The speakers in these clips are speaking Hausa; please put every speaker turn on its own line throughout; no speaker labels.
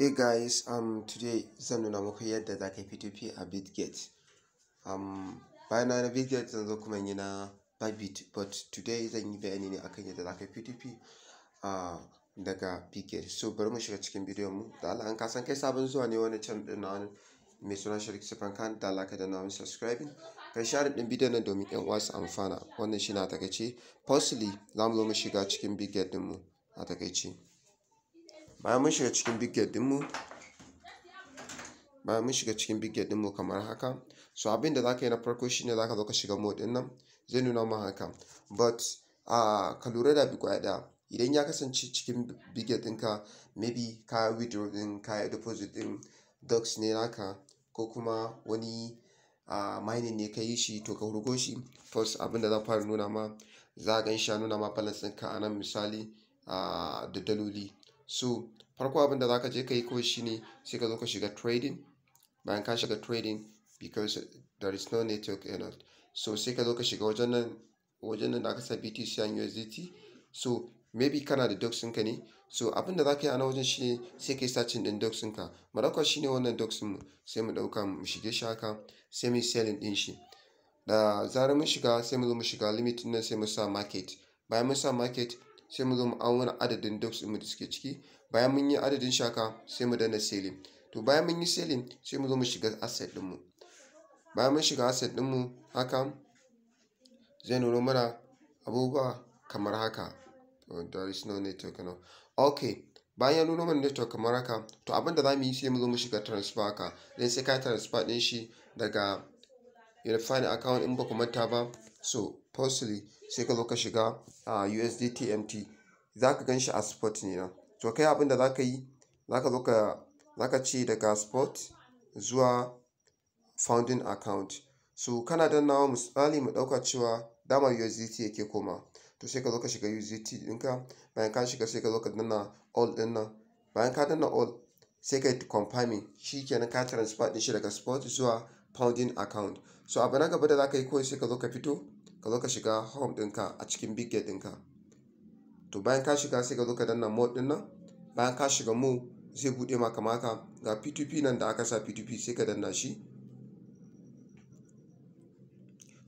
hey guys um today zan nuna muku yadda za ka yi p2p a bitget um bayan na bitget zan zo kuma yi na bybit but today zan yi bayani ne akan yadda za ka yi p2p a daga bitget so bari mu shiga cikin bidiyon mu da Allah an ka san kai sabon zuwa ne wani channel din na mai suna Sharik Sifan Khan da Allah ka da na subscribing kai share din bidiyon nan domin yan uwa amfana wannan shi na takaice firstly za mu zo mu shiga cikin bitget din mu a takaice bayan mun shiga cikin big bayan mun shiga cikin big kamar haka so abin da zaka yi na farko shine zaka zo ka shiga mode din nan zai nuna mun haka but a ka lura da bikwaya ɗaya, idan ya kasance cikin big ɗinka maybe ka withdraw din ka deposit din docs ne naka ko kuma wani a mining ne ka yi shi to ka hurgo shi first abin da za fara nuna ma za a gan shi a nuna ma balance ɗinka a nan misali a da daloli so farko abin da zaka je ka yi kawai shine sai ka zo ka shiga trading bayan ka shiga trading because there is no network and all so sai ka zo ka shiga wajen nan wajen nan da aka sa BTC and USDT so maybe kana da docs ɗinka ne so abin da zaka yi a nan wajen shine sai ka yi searching din docs ɗinka mu dauka shine wannan docs mu sai mu ɗauka mu shige shi haka sai mu yi selling din shi da zarar mun shiga sai mu zo mu shiga limit nan sai mu sa market bayan mun sa market sai mu zo mu wani adadin dogs ɗinmu da suke ciki bayan mun yi adadin shaka sai mu danna selling to bayan mun yi selling sai mu zo mu shiga asset ɗinmu bayan mun shiga asset ɗinmu haka zai nuno mana abubuwa kamar haka there is no network no okay bayan ya nuno mana network kamar haka to abin da za mu yi sai mu zo mu shiga transfer haka dan sai ka transfer ɗin shi daga unified account in ba ku manta ba so firstly sai ka zo ka shiga a usdtmt za ka gan shi a spot ne na to kai abin da za ka yi za ka zo ka za ka ce daga spot zuwa founding account so kana nawa misali mu ɗauka cewa dama usdt yake koma to sai ka zo ka shiga usdt ɗinka bayan ka shiga sai ka zo ka danna all din nan bayan ka danna all sai ka yi confirming shi kenan ka transfer din shi daga spot zuwa pounding account so abu na gaba da za ka yi kawai sai ka zo ka fito ka zo ka shiga home ɗinka a cikin big gate ɗinka to bayan ka shiga sai ka zo ka danna mode ɗin nan bayan ka shiga mo zai buɗe maka maka ga p2p nan da aka sa p2p sai ka danna shi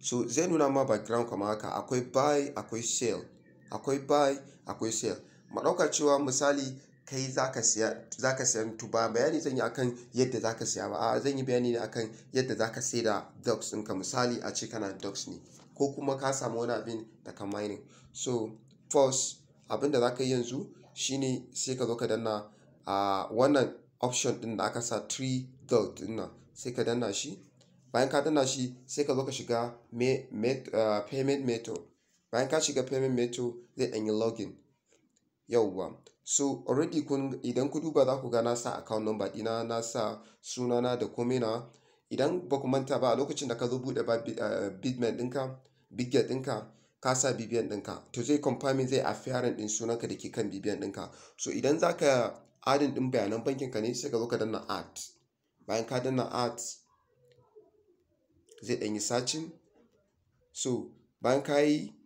so zai nuna ma background kamar haka akwai buy akwai sell akwai buy akwai sell ma ɗauka cewa misali kai za ka siya zaka ba bayani zan yi akan yadda za ka siya ba a zan yi bayani ne akan yadda za ka sai da dogs ɗinka misali a ce kana dogs ne ko kuma ka samu wani abin da ka mining so first abin da ka yi yanzu shine sai ka zo ka danna a wannan option ɗin da aka sa three dot ɗin nan sai ka danna shi bayan ka danna shi sai ka zo ka shiga payment method bayan ka shiga payment method zai ɗanyi login yauwa so already kun idan ku duba za ku ga na sa account number dina na sa sunana da komina idan ba ku manta ba a lokacin da ka zo buɗe ba eh, bitman ɗinka bigga ɗinka ka sa bibiyan ɗinka to zai confirming zai affairant ɗin sunanka da ke kan bibiyan ɗinka so idan za ka adin ɗin bayanan bankin ka ne sai ka zo ka danna art bayan ka danna art zai ɗanyi sacin so bayan ka yi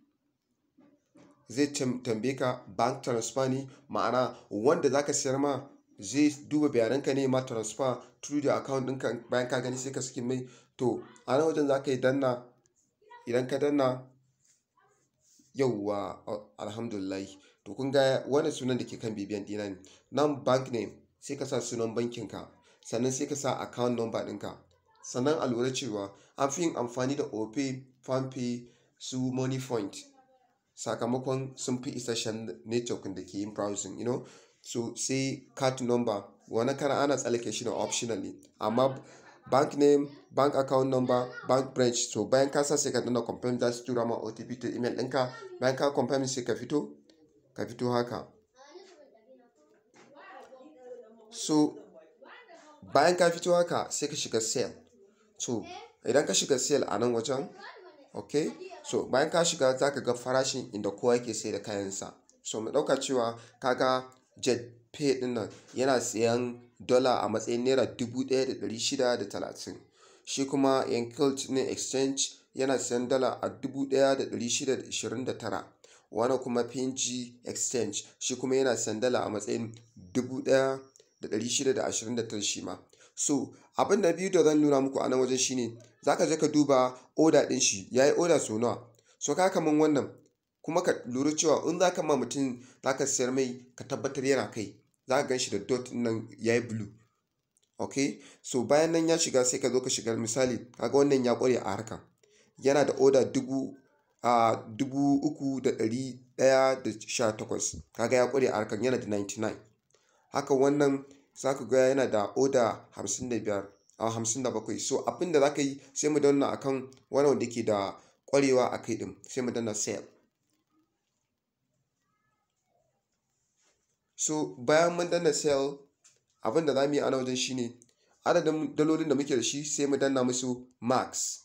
zai tambaye ka bank transfer ne ma'ana wanda zaka sayar ma zai duba bayananka ne ma transfer through the account ɗinka bayan ka gani sai ka saki mai to a nan wajen zaka yi danna idan ka danna yauwa alhamdulillahi to kun ga wani sunan da ke kan bibiyan ɗina ne nan bank name sai ka sa sunan bankinka sannan sai ka sa account number ɗinka sannan a lura cewa an fi yin amfani da ofe fanpay su money point sakamakon sun fi isasshen network da ke yin browsing you know so say card number wani kara ana tsallake shi na optionally amma bank name bank account number bank branch so bayan ka sa sai ka dana confirm da su tura ma otp to email ɗinka bayan ka confirm sai ka fito ka fito haka so bayan ka fito haka sai ka shiga sale so idan ka shiga sale a nan wajen ok so bayan ka shiga za ka ga farashin inda kowa yake sai da kayansa so mu ɗauka cewa kaga jet ɗin nan yana siyan dola a matsayin naira dubu ɗaya da ɗari shida da talatin shi kuma yankilt ne exchange yana siyan dola a dubu ɗaya da ɗari shida da ishirin da tara wani kuma png exchange shi kuma yana siyan dala a matsayin dubu ɗaya da ɗari shida da ashirin da tara shi ma so abin da biyu da zan nuna muku a nan wajen shine za ka je ka duba oda ɗin shi ya yi oda sau nawa so ka kaman wannan kuma ka lura cewa in za ka ma mutum za ka siyar mai ka tabbatar yana kai za ka gan shi da dot nan ya yi blue ok so bayan nan ya shiga sai ka zo ka shiga misali kaga wannan ya kware a harkan yana da oda dubu a uku da ɗari ɗaya da sha takwas kaga ya kware a harkan yana da 99 haka wannan za ku ga yana da oda 55 a 57 so abin da za ka yi sai mu danna akan wani wanda yake da kwarewa a kai din sai mu danna sell so bayan mun danna sell abin da za mu yi ana wajen ne adadin dalolin da muke da shi sai mu danna musu max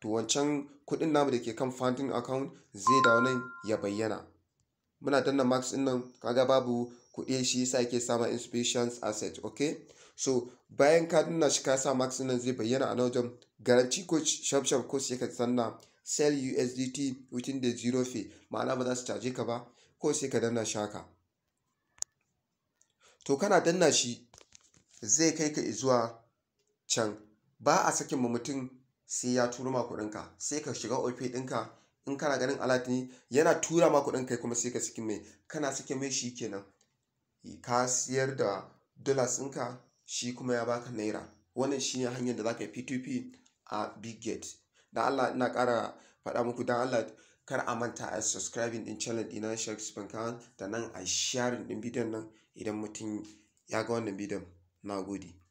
to wancan kudin namu da ke kan funding account zai dawo nan ya bayyana muna danna max din nan kaga babu kuɗi shi yasa yake sama inspirations asset okay so bayan ka nuna shi ka sa max din nan zai bayyana a wajen garanti ko shop shop ko sai ka sanna sell USDT within the zero fee ma'ana ba za su caje ka ba ko sai ka danna shaka to kana danna shi zai kai ka zuwa can ba a sakin ma mutum sai ya tura ma kuɗinka sai ka shiga ofe ɗinka in kana ganin alatini ne yana tura ma kuɗin kai kuma sai ka saki mai kana saki mai shi kenan ka siyar da dollars ɗinka shi kuma ya baka naira wannan shi ne hanyar da zaka yi P2P a gate da Allah ina kara faɗa muku dan Allah kar a manta a subscribing din channel dina Sharks Bankan da nan a sharing din bidiyon nan idan mutum ya ga wannan bidiyon na gode